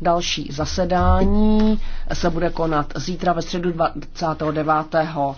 Další zasedání se bude konat zítra ve středu 29